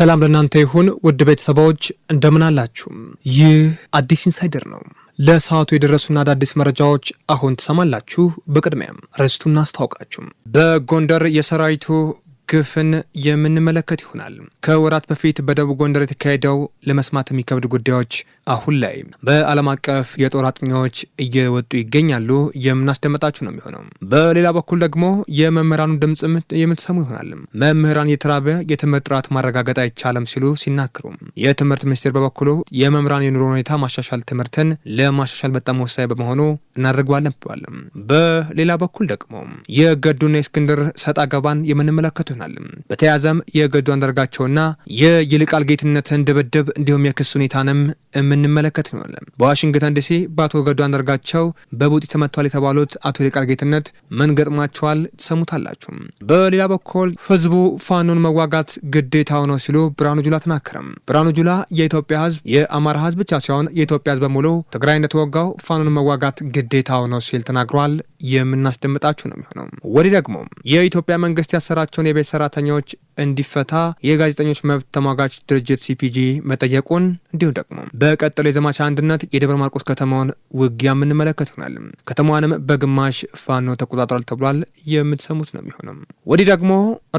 ሰላም ለእናንተ ይሁን ውድ ቤተሰባዎች እንደምን አላችሁም? ይህ አዲስ ኢንሳይደር ነው። ለሰዓቱ የደረሱና አዳዲስ መረጃዎች አሁን ትሰማላችሁ። በቅድሚያም ርዕስቱን እናስታውቃችሁ። በጎንደር የሰራዊቱ ክፍን የምንመለከት ይሆናል። ከወራት በፊት በደቡብ ጎንደር የተካሄደው ለመስማት የሚከብድ ጉዳዮች አሁን ላይ በዓለም አቀፍ የጦር አጥኚዎች እየወጡ ይገኛሉ። የምናስደመጣችሁ ነው የሚሆነው። በሌላ በኩል ደግሞ የመምህራኑ ድምፅም የምትሰሙ ይሆናል። መምህራን የተራበ የትምህርት ጥራት ማረጋገጥ አይቻለም ሲሉ ሲናገሩ፣ የትምህርት ሚኒስቴር በበኩሉ የመምህራን የኑሮ ሁኔታ ማሻሻል ትምህርትን ለማሻሻል በጣም ወሳኝ በመሆኑ እናደርገዋለን ብሏል። በሌላ በኩል ደግሞ የገዱና የእስክንድር ሰጣ ገባን የምንመለከቱ ይሆናል። በተያያዘም የገዱ አንዳርጋቸውና የይልቃል ጌትነትን ድብድብ እንዲሁም የክስ ሁኔታንም የምንመለከት ይሆናል። በዋሽንግተን ዲሲ በአቶ ገዱ አንዳርጋቸው በቡጢ ተመቷል የተባሉት አቶ ይልቃል ጌትነት ምን ገጥሟቸዋል? ትሰሙታላችሁ። በሌላ በኩል ህዝቡ ፋኖን መዋጋት ግዴታው ነው ሲሉ ብርሃኑ ጁላ ተናከረም። ብርሃኑ ጁላ የኢትዮጵያ ህዝብ የአማራ ህዝብ ብቻ ሳይሆን የኢትዮጵያ ህዝብ በሙሉ ትግራይ እንደተወጋው ፋኖን መዋጋት ግዴታው ነው ሲል ተናግሯል። የምናስደምጣችሁ ነው የሚሆነው። ወዲህ ደግሞ የኢትዮጵያ መንግስት ያሰራቸውን የቤት ሰራተኞች እንዲፈታ የጋዜጠኞች መብት ተሟጋች ድርጅት ሲፒጂ መጠየቁን እንዲሁም ደግሞ በቀጠለው የዘማቻ አንድነት የደብረ ማርቆስ ከተማውን ውጊያ የምንመለከት ይሆናል። ከተማዋንም በግማሽ ፋኖ ተቆጣጥሯል ተብሏል። የምትሰሙት ነው የሚሆነው። ወዲህ ደግሞ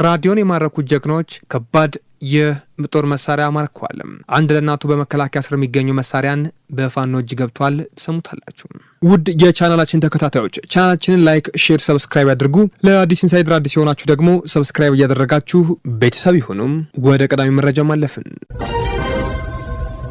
ራዲዮን የማረኩት ጀግኖች ከባድ ይህ ጦር መሳሪያ ማርከዋል። አንድ ለእናቱ በመከላከያ ስር የሚገኘው መሳሪያን በፋኖ እጅ ገብቷል። ትሰሙታላችሁ። ውድ የቻናላችን ተከታታዮች ቻናላችንን ላይክ፣ ሼር፣ ሰብስክራይብ ያድርጉ። ለአዲስ ኢንሳይድር አዲስ የሆናችሁ ደግሞ ሰብስክራይብ እያደረጋችሁ ቤተሰብ ይሁኑም። ወደ ቀዳሚ መረጃ ማለፍን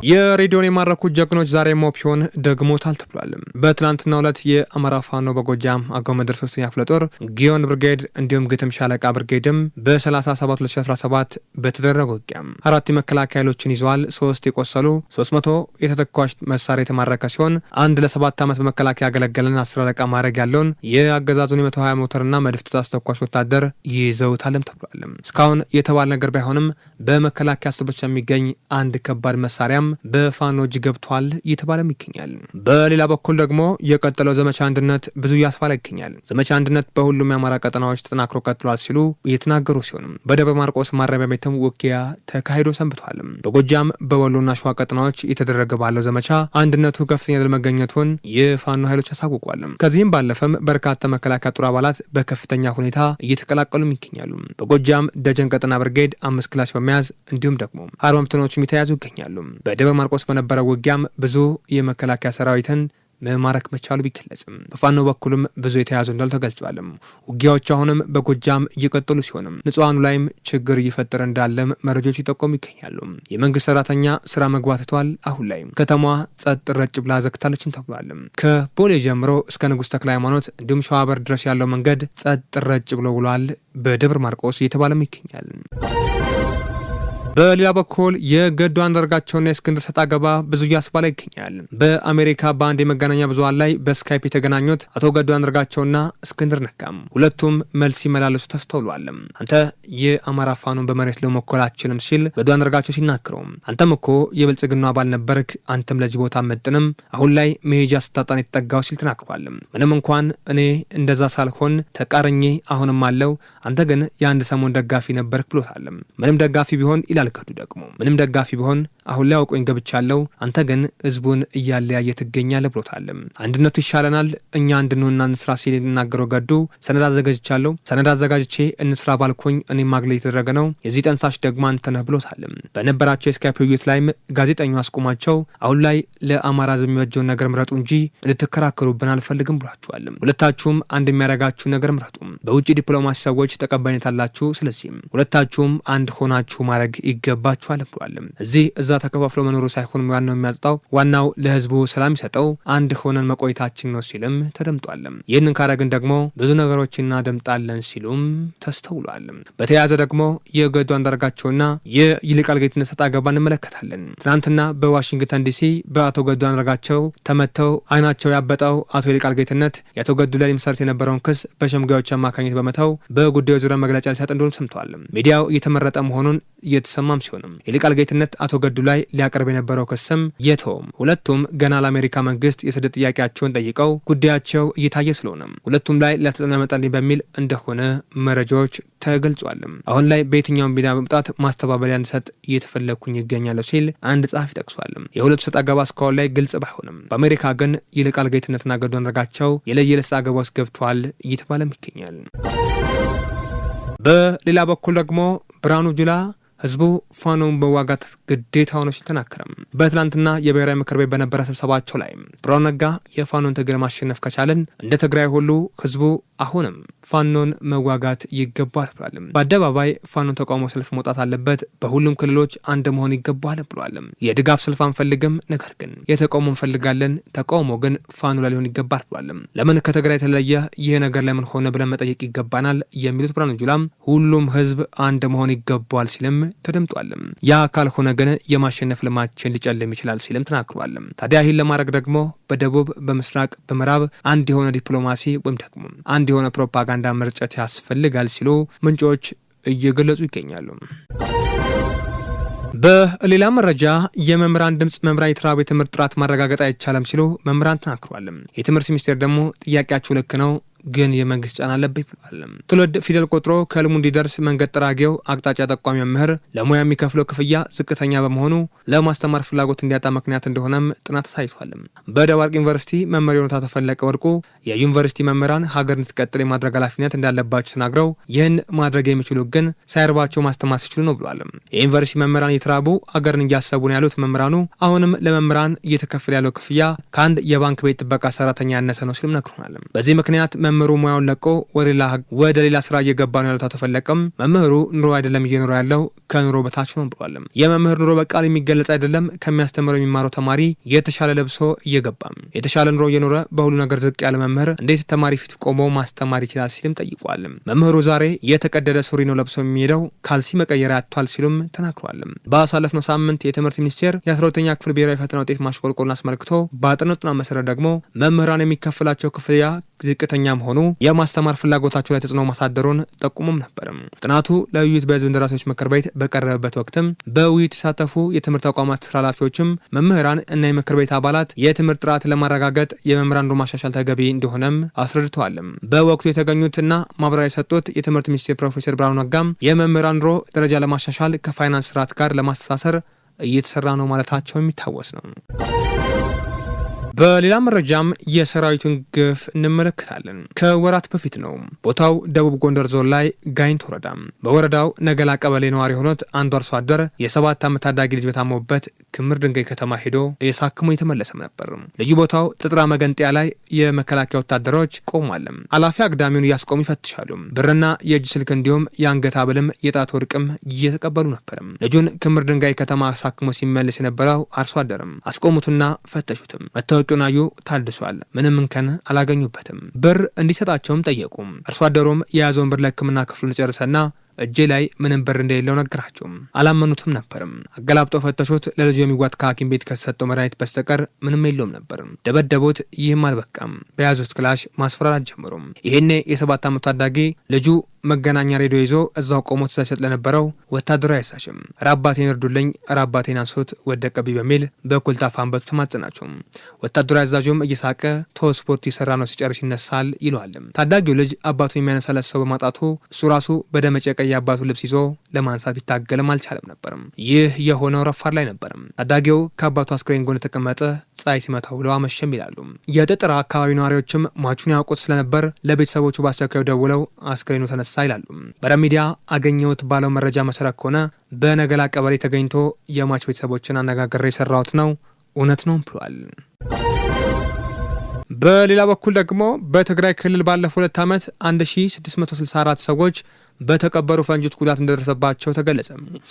የሬዲዮን የማረኩት ጀግኖች ዛሬ ሞፒዮን ደግሞታል ተብሏል። በትናንትናው ዕለት የአማራ ፋኖ በጎጃም አገው ምድር ሶስተኛ ክፍለ ጦር ጊዮን ብርጌድ እንዲሁም ግጥም ሻለቃ ብርጌድም በ372017 በተደረገ ውጊያ አራት የመከላከያ ኃይሎችን ይዘዋል። ሶስት የቆሰሉ 300 የተተኳሽ መሳሪያ የተማረከ ሲሆን አንድ ለሰባት ዓመት በመከላከያ ያገለገለን አስር አለቃ ማድረግ ያለውን የአገዛዙን የ120 ሞተርና መድፍ ጦር አስተኳሽ ወታደር ይዘውታልም ተብሏል። እስካሁን የተባለ ነገር ባይሆንም በመከላከያ ስቦች የሚገኝ አንድ ከባድ መሳሪያም በፋኖ እጅ ገብቷል እየተባለም ይገኛል። በሌላ በኩል ደግሞ የቀጠለው ዘመቻ አንድነት ብዙ እያስባለ ይገኛል። ዘመቻ አንድነት በሁሉም የአማራ ቀጠናዎች ተጠናክሮ ቀጥሏል ሲሉ እየተናገሩ ሲሆንም በደብረ ማርቆስ ማረሚያ ቤትም ውጊያ ተካሂዶ ሰንብቷል። በጎጃም በወሎና ሸዋ ቀጠናዎች የተደረገ ባለው ዘመቻ አንድነቱ ከፍተኛ ድል መገኘቱን የፋኖ ኃይሎች አሳውቋል። ከዚህም ባለፈም በርካታ መከላከያ ጦር አባላት በከፍተኛ ሁኔታ እየተቀላቀሉም ይገኛሉ። በጎጃም ደጀን ቀጠና ብርጌድ አምስት ክላሽ በመያዝ እንዲሁም ደግሞ አርማምትኖችም የተያዙ ይገኛሉ። በደብረ ማርቆስ በነበረው ውጊያም ብዙ የመከላከያ ሰራዊትን መማረክ መቻሉ ቢገለጽም በፋኖ በኩልም ብዙ የተያዙ እንዳሉ ተገልጿልም። ውጊያዎች አሁንም በጎጃም እየቀጠሉ ሲሆንም ንጹሐኑ ላይም ችግር እየፈጠረ እንዳለም መረጃዎች ይጠቆሙ ይገኛሉ። የመንግስት ሰራተኛ ስራ መግባት ትቷል። አሁን ላይ ከተማዋ ጸጥ ረጭ ብላ ዘግታለችም ተብሏልም። ከቦሌ ጀምሮ እስከ ንጉሥ ተክለ ሃይማኖት እንዲሁም ሸዋበር ድረስ ያለው መንገድ ጸጥ ረጭ ብሎ ውሏል። በደብረ ማርቆስ እየተባለም ይገኛል። በሌላ በኩል የገዱ አንዳርጋቸውና የእስክንድር ሰጥ አገባ ብዙ እያስባለ ይገኛል። በአሜሪካ በአንድ የመገናኛ ብዙኃን ላይ በስካይፕ የተገናኙት አቶ ገዱ አንዳርጋቸውና እስክንድር ነጋም ሁለቱም መልስ ይመላለሱ ተስተውሏል። አንተ የአማራ ፋኖን በመሬት ለመወከል አችልም ሲል ገዱ አንዳርጋቸው ሲናገሩ፣ አንተም እኮ የብልጽግና አባል ነበርክ፣ አንተም ለዚህ ቦታ መጥንም አሁን ላይ መሄጃ ስታጣን የተጠጋው ሲል ተናግሯል። ምንም እንኳን እኔ እንደዛ ሳልሆን ተቃረኜ አሁንም አለው፣ አንተ ግን የአንድ ሰሞን ደጋፊ ነበርክ ብሎታል። ምንም ደጋፊ ቢሆን ይላል ደግሞ ምንም ደጋፊ ቢሆን አሁን ላይ አውቆኝ ገብቻለሁ፣ አንተ ግን ህዝቡን እያለያየ ትገኛለህ ብሎታለም። አንድነቱ ይሻለናል፣ እኛ እንድንሆንና እንስራ ሲል የተናገረው ገዱ ሰነድ አዘጋጅቻለሁ፣ ሰነድ አዘጋጅቼ እንስራ ባልኮኝ እኔ ማግለል የተደረገ ነው፣ የዚህ ጠንሳሽ ደግሞ አንተነህ ብሎታለም። በነበራቸው የስካይፕ ውይይት ላይም ጋዜጠኛው አስቆማቸው አሁን ላይ ለአማራ ህዝብ የሚበጀውን ነገር ምረጡ እንጂ እንድትከራከሩብን አልፈልግም ብሏችኋልም። ሁለታችሁም አንድ የሚያደርጋችሁ ነገር ምረጡ። በውጭ ዲፕሎማሲ ሰዎች ተቀባይነት አላችሁ። ስለዚህም ሁለታችሁም አንድ ሆናችሁ ማድረግ ይገባችኋል ብሏል። እዚህ እዛ ተከፋፍሎ መኖሩ ሳይሆን ነው የሚያጽጣው ዋናው ለህዝቡ ሰላም ይሰጠው አንድ ሆነን መቆየታችን ነው ሲልም ተደምጧል። ይህንን ካረግን ደግሞ ብዙ ነገሮች እናደምጣለን ሲሉም ተስተውሏል። በተያያዘ ደግሞ የገዱ አንዳርጋቸውና የይልቃል ጌትነት ሰጥ አገባ እንመለከታለን። ትናንትና በዋሽንግተን ዲሲ በአቶ ገዱ አንዳርጋቸው ተመተው አይናቸው ያበጠው አቶ ይልቃል ጌትነት የአቶ ገዱ ላይ መሰረት የነበረውን ክስ በሸምጋዮች አማካኝነት በመተው በጉዳዩ ዙሪያ መግለጫ ሊሰጥ እንደሆነ ሰምተዋል። ሚዲያው እየተመረጠ መሆኑን እየተሰማም ሲሆንም ይልቃል ጌትነት አቶ ገዱ ላይ ሊያቀርብ የነበረው ክስም የተውም ሁለቱም ገና ለአሜሪካ መንግስት የስደት ጥያቄያቸውን ጠይቀው ጉዳያቸው እየታየ ስለሆነም ሁለቱም ላይ ሊያተጽዕኖ ያመጣልኝ በሚል እንደሆነ መረጃዎች ተገልጿልም። አሁን ላይ በየትኛውም ሚዲያ በመምጣት ማስተባበያ እንድሰጥ እየተፈለግኩኝ ይገኛለሁ ሲል አንድ ጸሐፊ ጠቅሷልም የሁለቱ ሰጥ አገባ እስካሁን ላይ ግልጽ ባይሆንም በአሜሪካ ግን ይልቃል ጌትነትና ገዱ አንዳርጋቸው የለየለስ አገባ ውስጥ ገብተዋል እየተባለም ይገኛል። በሌላ በኩል ደግሞ ብርሃኑ ጁላ ህዝቡ ፋኖን መዋጋት ግዴታው ነው ሲል ተናከረም። በትላንትና የብሔራዊ ምክር ቤት በነበረ ስብሰባቸው ላይ ብርሃኑ ነጋ የፋኖን ትግል ማሸነፍ ከቻለን እንደ ትግራይ ሁሉ ህዝቡ አሁንም ፋኖን መዋጋት ይገባል ብሏል። በአደባባይ ፋኖን ተቃውሞ ሰልፍ መውጣት አለበት፣ በሁሉም ክልሎች አንድ መሆን ይገባል ብሏል። የድጋፍ ሰልፍ አንፈልግም፣ ነገር ግን የተቃውሞ እንፈልጋለን። ተቃውሞ ግን ፋኖ ላይ ሊሆን ይገባል ብሏል። ለምን ከትግራይ የተለየ ይህ ነገር ለምን ሆነ ብለን መጠየቅ ይገባናል የሚሉት ብርሃኑ ጁላም ሁሉም ህዝብ አንድ መሆን ይገባል ሲልም ተደምጧል። ያ ካልሆነ ግን የማሸነፍ ልማችን ሊጨልም ይችላል ሲልም ተናግሯል። ታዲያ ይህን ለማድረግ ደግሞ በደቡብ በምስራቅ በምዕራብ አንድ የሆነ ዲፕሎማሲ ወይም ደግሞ አንድ የሆነ ፕሮፓጋንዳ መርጨት ያስፈልጋል ሲሉ ምንጮች እየገለጹ ይገኛሉ። በሌላ መረጃ የመምህራን ድምፅ መምህራን የተራቡ የትምህርት ጥራት ማረጋገጥ አይቻለም ሲሉ መምህራን ተናግሯል። የትምህርት ሚኒስቴር ደግሞ ጥያቄያቸው ልክ ነው ግን የመንግስት ጫና አለብኝ ብሏል። ትውልድ ፊደል ቆጥሮ ከህልሙ እንዲደርስ መንገድ ጠራጊው አቅጣጫ ጠቋሚ መምህር ለሙያ የሚከፍለው ክፍያ ዝቅተኛ በመሆኑ ለማስተማር ፍላጎት እንዲያጣ ምክንያት እንደሆነም ጥናት አሳይቷል። በደባርቅ ዩኒቨርሲቲ መምህር የሆኑት ተፈለቀ ወርቁ የዩኒቨርሲቲ መምህራን ሀገር እንድትቀጥል የማድረግ ኃላፊነት እንዳለባቸው ተናግረው ይህን ማድረግ የሚችሉ ግን ሳይርባቸው ማስተማር ሲችሉ ነው ብሏል። የዩኒቨርሲቲ መምህራን እየተራቡ አገርን እያሰቡ ነው ያሉት መምህራኑ አሁንም ለመምህራን እየተከፈለ ያለው ክፍያ ከአንድ የባንክ ቤት ጥበቃ ሰራተኛ ያነሰ ነው ሲሉም ነግሮናል። በዚህ ምክንያት መምህሩ ሙያውን ለቆ ወደ ሌላ ስራ እየገባ ነው ያሉት አቶ ፈለቀም መምህሩ ኑሮ አይደለም እየኖረ ያለው ከኑሮ በታች ነው ብሏል። የመምህር ኑሮ በቃል የሚገለጽ አይደለም። ከሚያስተምረው የሚማረው ተማሪ የተሻለ ለብሶ እየገባም የተሻለ ኑሮ እየኖረ በሁሉ ነገር ዝቅ ያለ መምህር እንዴት ተማሪ ፊት ቆሞ ማስተማር ይችላል ሲልም ጠይቋል። መምህሩ ዛሬ የተቀደደ ሱሪ ነው ለብሶ የሚሄደው ካልሲ መቀየር ያቷል ሲሉም ተናግሯል። በአሳለፍነው ሳምንት የትምህርት ሚኒስቴር የ12ኛ ክፍል ብሔራዊ ፈተና ውጤት ማሽቆልቆልን አስመልክቶ በአጥኖ ጥናት መሰረት ደግሞ መምህራን የሚከፍላቸው ክፍያ ዝቅተኛ መሆኑ የማስተማር ፍላጎታቸው ላይ ተጽዕኖ ማሳደሩን ጠቁሙም ነበርም። ጥናቱ ለውይይት በህዝብ እንደራሴዎች ምክር ቤት በቀረበበት ወቅትም በውይይት የተሳተፉ የትምህርት ተቋማት ስራ ኃላፊዎችም መምህራን እና የምክር ቤት አባላት የትምህርት ጥራት ለማረጋገጥ የመምህራን ማሻሻል ተገቢ እንደሆነም አስረድተዋልም። በወቅቱ የተገኙትና ማብራሪያ የሰጡት የትምህርት ሚኒስቴር ፕሮፌሰር ብርሃኑ ነጋም የመምህራን ደረጃ ለማሻሻል ከፋይናንስ ስርዓት ጋር ለማስተሳሰር እየተሰራ ነው ማለታቸው የሚታወስ ነው። በሌላ መረጃም የሰራዊቱን ግፍ እንመለከታለን። ከወራት በፊት ነው ቦታው ደቡብ ጎንደር ዞን ላይ ጋይንት ወረዳ በወረዳው ነገላ ቀበሌ ነዋሪ የሆኑት አንዱ አርሶ አደር የሰባት ዓመት ታዳጊ ልጅ በታመሙበት ክምር ድንጋይ ከተማ ሄዶ የሳክሞ የተመለሰም ነበር። ልዩ ቦታው ጥጥራ መገንጠያ ላይ የመከላከያ ወታደሮች ቆሟል። አላፊ አግዳሚውን እያስቆሙ ይፈትሻሉ። ብርና የእጅ ስልክ እንዲሁም የአንገት ሀብልም የጣት ወርቅም እየተቀበሉ ነበር። ልጁን ክምር ድንጋይ ከተማ አሳክሞ ሲመለስ የነበረው አርሶ አደርም አስቆሙትና ፈተሹትም አስታዋቂውን ታድሷል ምንም እንከን አላገኙበትም። ብር እንዲሰጣቸውም ጠየቁ። አርሶ አደሩም የያዘውን ብር ለሕክምና ክፍሉን ጨርሰና እጄ ላይ ምንም ብር እንደሌለው ነገራቸው። አላመኑትም ነበርም። አገላብጦ ፈተሹት። ለልጁ የሚዋት ከሐኪም ቤት ከተሰጠው መድኃኒት በስተቀር ምንም የለውም ነበር። ደበደቡት። ይህም አልበቃም። በያዙት ክላሽ ማስፈራራት ጀምሩም። ይሄኔ የሰባት ዓመቱ ታዳጊ ልጁ መገናኛ ሬዲዮ ይዞ እዛው ቆሞ ትዕዛዝ ሲሰጥ ለነበረው ወታደሩ አይሳሽም ራባቴን እርዱልኝ ራባቴን አንስቶት ወደቀብኝ በሚል በኩልታፋ አንበቱ ተማጽናቸው። ወታደራዊ አዛዡም እየሳቀ ቶስፖርት የሰራ ነው ሲጨርስ ይነሳል ይለዋል። ታዳጊው ልጅ አባቱን የሚያነሳለት ሰው በማጣቱ እሱ ራሱ በደመጨቀ የአባቱ ልብስ ይዞ ለማንሳት ቢታገልም አልቻለም ነበርም። ይህ የሆነው ረፋር ላይ ነበርም። ታዳጊው ከአባቱ አስክሬን ጎን የተቀመጠ ፀሐይ ሲመታ ውለው አመሸም ይላሉ። የጠጠራ አካባቢ ነዋሪዎችም ማቹን ያውቁት ስለነበር ለቤተሰቦቹ በአስቸኳይ ደውለው አስክሬኑ ተነሳ ተነሳ ይላሉ። በደም ሚዲያ አገኘሁት ባለው መረጃ መሰረት ከሆነ በነገላ ቀበሌ ተገኝቶ የሟች ቤተሰቦችን አነጋገር የሰራሁት ነው፣ እውነት ነው ብሏል። በሌላ በኩል ደግሞ በትግራይ ክልል ባለፈው ሁለት ዓመት 1664 ሰዎች በተቀበሩ ፈንጆች ጉዳት እንደደረሰባቸው ተገለጸ።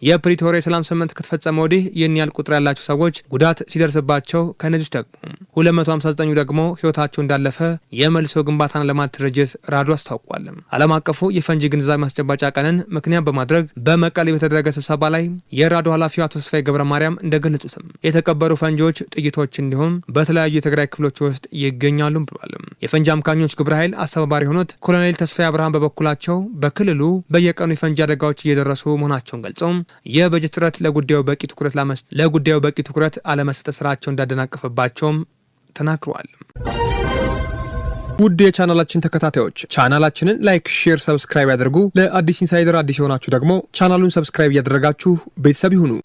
የፕሪቶሪያ የሰላም ስምምነት ከተፈጸመ ወዲህ ይህን ያህል ቁጥር ያላቸው ሰዎች ጉዳት ሲደርስባቸው ከነዚህ ደግሞ 259 ደግሞ ህይወታቸው እንዳለፈ የመልሶ ግንባታን ልማት ድርጅት ራዶ አስታውቋል። ዓለም አቀፉ የፈንጂ ግንዛቤ ማስጨባጫ ቀንን ምክንያት በማድረግ በመቀሌ በተደረገ ስብሰባ ላይ የራዶ ኃላፊው አቶ ተስፋዬ ገብረ ማርያም እንደገለጹትም የተቀበሩ ፈንጂዎች ጥይቶች እንዲሁም በተለያዩ የትግራይ ክፍሎች ውስጥ ይገኛሉ ብሏል። የፈንጂ አምካኞች ግብረ ኃይል አስተባባሪ የሆኑት ኮሎኔል ተስፋዬ አብርሃም በበኩላቸው በክልሉ በየቀኑ የፈንጂ አደጋዎች እየደረሱ መሆናቸውን ገልጸው የበጀት እጥረት ለጉዳዩ በቂ ትኩረት ለጉዳዩ በቂ ትኩረት አለመሰጠት ስራቸው እንዳደናቀፈባቸውም ተናግረዋል። ውድ የቻናላችን ተከታታዮች ቻናላችንን ላይክ፣ ሼር፣ ሰብስክራይብ ያድርጉ። ለአዲስ ኢንሳይደር አዲስ የሆናችሁ ደግሞ ቻናሉን ሰብስክራይብ እያደረጋችሁ ቤተሰብ ይሁኑ።